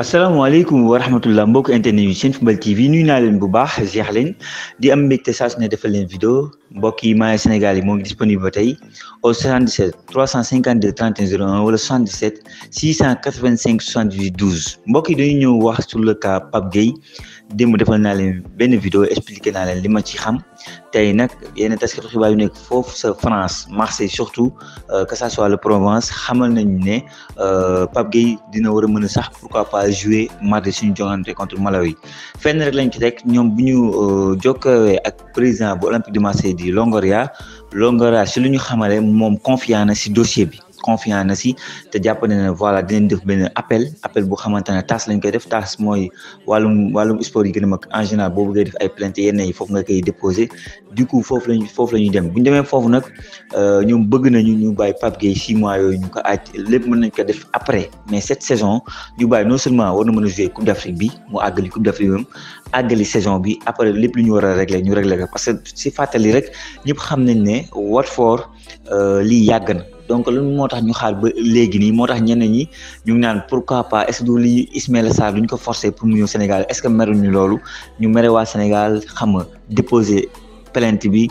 asalaamaaleykum wa rahmatullah mbokk internet yu seen football TV naa leen bu baax jeex leen di am mbégte saa su ne defal leen vidéo mbokk yi maaya Sénégal yi moo ngi disponible ba tey au 77 352 31 01 wala 77 685 78 12 mbokk yi dañuy ñëw wax sur le cas Pape Gueye démb defal naa leen benn vidéo expliqué naa leen li ma ci xam tey nag yenn taskatu xibaar yu nekk foofu sa France Marseille surtout euh, que ça soit le Provence xamal nañ ne euh, Pape Gueye dina war a mën a sax pas Jouer joué mardi contre Malawi fenn rek lañ ci teg ñoom bu euh, ak président de l'Olympique de Marseille Longoria Longoria si lu ñu xamale confiant na ce dossier confiance na si te jàpp ne voilà dinañ def ben appel appel bu xamante tas lañ koy def tas mooy walum wàllum sport yi gëna a mag en général boo bëggee def ay plainte yene yi foofu nga kay déposer du coup fofu lañ fofu lañu dem bu ñu fofu nak euh ñoom bëgg nañu ñu bay pap Gueye 6 mois yooyu ñu ko acc lepp mën nañ ko def après mais cette saison ñu bay non seulement war na jouer Coupe d'Afrique bi mu agali Coupe d'Afrique bi agali saison bi après lepp li ñu wara régler ñu régler ko parce que si fàttali rek ñëpp xam nañ né Watford euh li na donc lu moo tax ñu xaar ba léegi nii moo tax ñenn ñi ñu ngi naan pour pas est ce que du li Ismaïla Sarr duñ ko forcer pour mu ñëw Sénégal est ce que meruñu loolu ñu mere waa Sénégal xam nga déposer plainte bi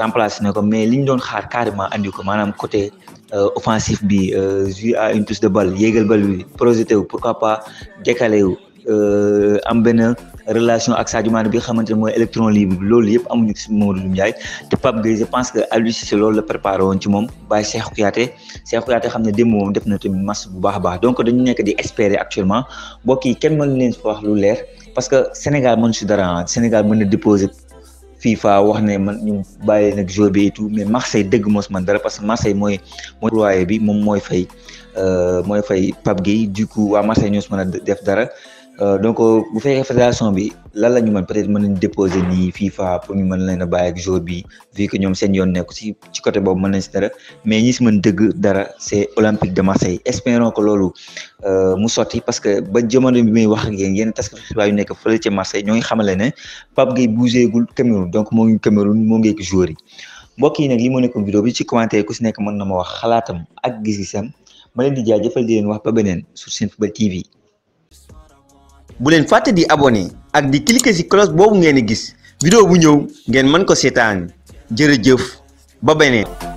remplacer na mais liñ doon xaar carrément andi ko manam côté euh, offensif bi euh, jouer à une touche de balle yégal balle bi projeté pourquoi pas décalé wu euh, am benn relation ak Sadio Mané bi nga moy électron libre loolu yépp amuñu si Mamadou Ndiaye te Pape Gueye je pense que Aliou c'est loolu le préparé woon ci mom bay Cheikh Kouyaté Cheikh Kouyaté xamné ne mom def na tamit match bu baax a baax donc dañu nekk di espérer actuellement bokki kenn mën leen wax lu leer parce que Sénégal mën ci dara Sénégal mën déposer. FIFA wax ne man ñu bàyyi nag joueur bi et tout mais Marseille dégg mos man dara parce que Marseille mooy mooy loyer bi moom mooy fay euh, mooy fay Pape Gueye du coup waa Marseille ñoo si mën a def dara. Euh, donc euh, bu fekkee fédération bi lan la ñu mën peut-être mën nañ déposer ni FIFA pour ñu mën leen a ak jour bi vu que ñoom seen yoon nekk si ci côté boobu mën nañ si dara mais ñi si mën dëgg dara c'est Olympique de Marseille espérons que loolu euh, mu sotti parce que ba jamono bi muy wax ak yéen yéen taskatu xibaar yu nekk fële ci Marseille ñoo ngi xamale ne Pape Gueye bougéegul Cameroun donc moo ngi Cameroun moo ngi ak joueur yi mbokk yi nag li moo nekkoon vidéo bi ci commentaire ku si nekk mën na ma wax Khalatam ak gis-gisam ma leen di jaajëfal di leen wax ba beneen sur Senfootball TV bu leen fàtte di abonné ak di cliquer ci cloche boobu ngeen di gis vidéo bu ñëw ngeen mën ko seetaan jërëjëf ba beneen